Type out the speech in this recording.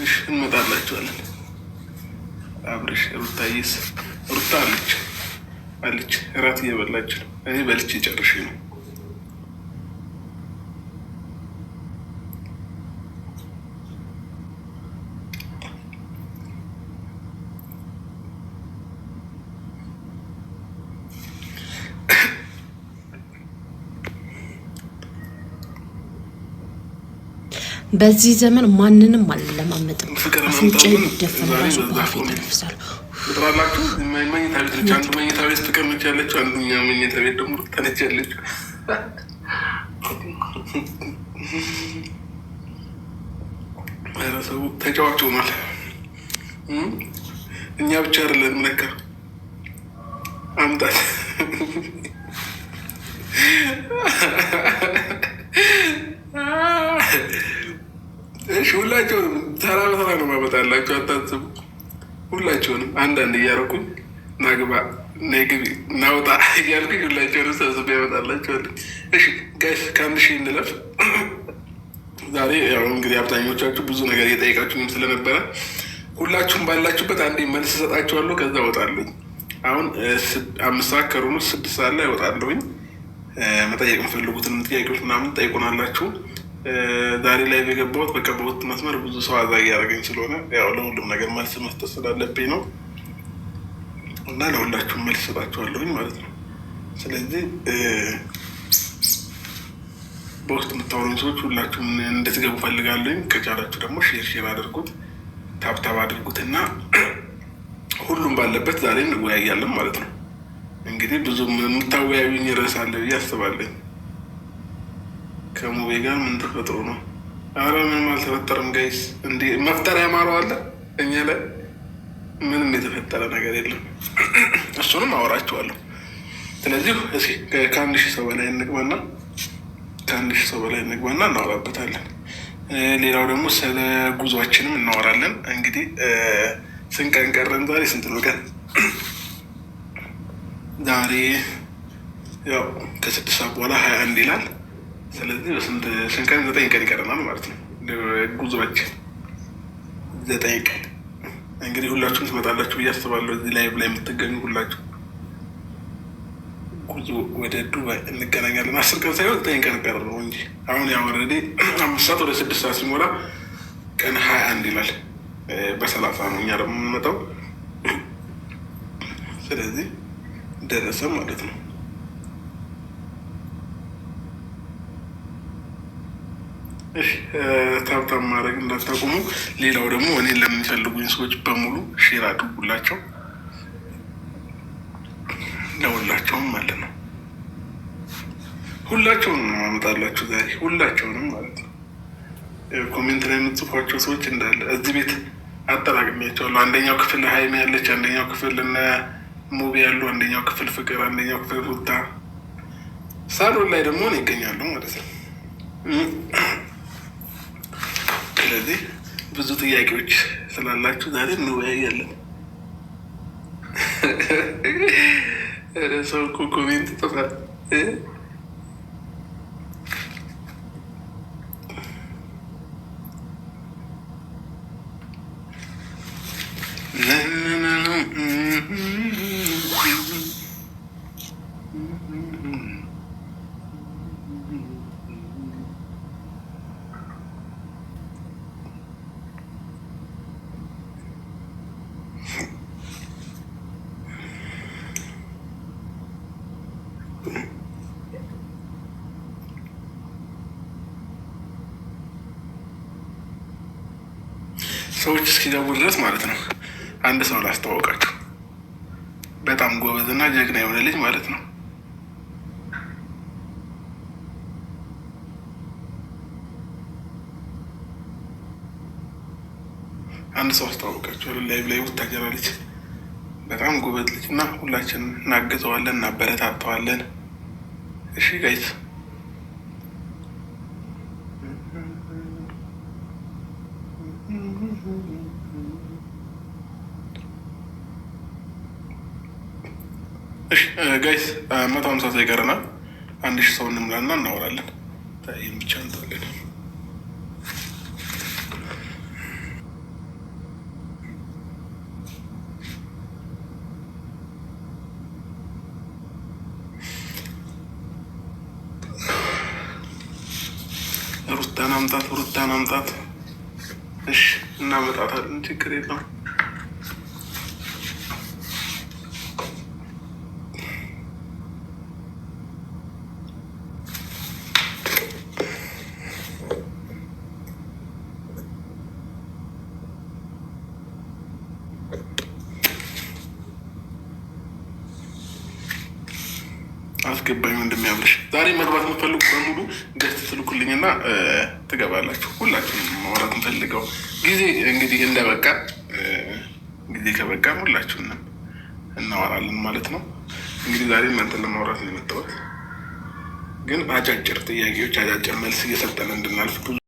እሺ እንመጣላችኋለን። አብረሽ ሩታዬስ ሩታ አለች አለች እራት እየበላች ነው። እኔ በልቼ ጨርሼ ነው በዚህ ዘመን ማንንም አልለማመጥም። አፍንጫ ይደፈን ራሱ በአፍ ይተነፍሳል። መኝታ ቤት አንዱኛ መኝታ ቤት ደግሞ ተጫዋች ሆኗል። እኛ ብቻ አይደለን። ለካ አምጣት ካላችሁ አታስቡ። ሁላችሁንም አንዳንድ እያረኩኝ ናግባ ነግቢ ናውጣ እያልኩ ሁላችሁንም ሰብስቤ ያመጣላችኋለሁ። እሺ ጋሽ ከአንድ ሺህ እንለፍ። ዛሬ ያው እንግዲህ አብዛኞቻችሁ ብዙ ነገር እየጠየቃችሁም ስለነበረ ሁላችሁም ባላችሁበት አንዴ መልስ እሰጣችኋለሁ። ከዛ እወጣለሁኝ። አሁን አምስት ሰዓት ከሩኑ ስድስት ሰዓት ላይ እወጣለሁኝ። መጠየቅ የምፈልጉትን ጥያቄዎች ምናምን ጠይቁናላችሁ። ዛሬ ላይ በገባሁት በቃ በውስጥ መስመር ብዙ ሰው አዛጊ ያደረገኝ ስለሆነ ያው ለሁሉም ነገር መልስ መስጠት ስላለብኝ ነው እና ለሁላችሁም መልስ እሰጣችኋለሁኝ ማለት ነው። ስለዚህ በውስጥ የምታወሩኝ ሰዎች ሁላችሁም እንድትገቡ ፈልጋለኝ። ከቻላችሁ ደግሞ ሼር ሼር አድርጉት፣ ታብታብ አድርጉት እና ሁሉም ባለበት ዛሬ እንወያያለን ማለት ነው። እንግዲህ ብዙ የምታወያዩኝ ርዕስ አለ ብዬ አስባለኝ። ከሙቤ ጋር ምን ተፈጥሮ ነው? አረ ምንም አልተፈጠረም ጋይስ። እንዲ መፍጠር ያማረው አለ እኛ ላይ ምንም የተፈጠረ ነገር የለም። እሱንም አወራቸዋለሁ። ስለዚህ እስኪ ከአንድ ሺህ ሰው በላይ እንግባና ከአንድ ሺህ ሰው በላይ እንግባና እናወራበታለን። ሌላው ደግሞ ስለ ጉዟችንም እናወራለን። እንግዲህ ስንት ቀን ቀረን? ዛሬ ስንት ነው ቀን? ዛሬ ያው ከስድስት ሰዓት በኋላ ሀያ አንድ ይላል። ስለዚህ ስንት ቀን? ዘጠኝ ቀን ይቀረናል ማለት ነው ጉዟችን ዘጠኝ ቀን። እንግዲህ ሁላችሁም ትመጣላችሁ ብዬ አስባለሁ። እዚህ ላይ ላይ የምትገኙ ሁላችሁ ጉዞ ወደ ዱባይ እንገናኛለን። አስር ቀን ሳይሆን ዘጠኝ ቀን ቀረ እንጂ አሁን ያው ኦልሬዲ አምስት ሰዓት ወደ ስድስት ሰዓት ሲሞላ ቀን ሀያ አንድ ይላል። በሰላሳ ነው እኛ ደግሞ የምንመጣው። ስለዚህ ደረሰ ማለት ነው። ታብታብ ማድረግ እንዳታቆሙ። ሌላው ደግሞ እኔ ለሚፈልጉኝ ሰዎች በሙሉ ሼር አድርጉላቸው፣ ለሁላቸውም ማለት ነው። ሁላቸውን አመጣላችሁ ዛሬ ሁላቸውንም ማለት ነው። ኮሜንት ላይ የምጽፏቸው ሰዎች እንዳለ እዚህ ቤት አጠራቅሚያቸዋለሁ። አንደኛው ክፍል ሀይሚ ያለች፣ አንደኛው ክፍል እነ ሙቢ ያሉ፣ አንደኛው ክፍል ፍቅር፣ አንደኛው ክፍል ሩታ። ሳሎን ላይ ደግሞ እኔ ይገኛሉ ማለት ነው። ስለዚህ ብዙ ጥያቄዎች ስላላችሁ ዛሬ እንወያያለን። ሰው እኮ ኮሜንት ጥፋል ሰዎች እስኪገቡ ድረስ ማለት ነው። አንድ ሰው ላስተዋወቃችሁ። በጣም ጎበዝ እና ጀግና የሆነ ልጅ ማለት ነው። አንድ ሰው አስተዋወቃችሁ ላይ ላይ ውታጀራ ልጅ በጣም ጎበዝ ልጅ እና ሁላችን እናግዘዋለን፣ እናበረታተዋለን። እሺ ጋይስ ጋይስ መቶ ሀምሳ ሰው ይቀረናል። አንድ ሺህ ሰው እንምላና እናወራለን። ይህም ብቻ እንጠለን ማምጣት ሩታን አምጣት። እሺ እናመጣታለን፣ ችግር የለውም። አስገባኝ ወንድም አብርሽ። ዛሬ መግባት የምፈልጉ በሙሉ ገስት ትልኩልኝና ትገባላችሁ። ሁላችሁም ማውራት እንፈልገው ጊዜ እንግዲህ እንደበቃ ጊዜ ከበቃ ሁላችሁንም እናወራለን ማለት ነው። እንግዲህ ዛሬ እናንተን ለማውራት ነው የመጣሁት፣ ግን አጫጭር ጥያቄዎች አጫጭር መልስ እየሰጠን እንድናልፍ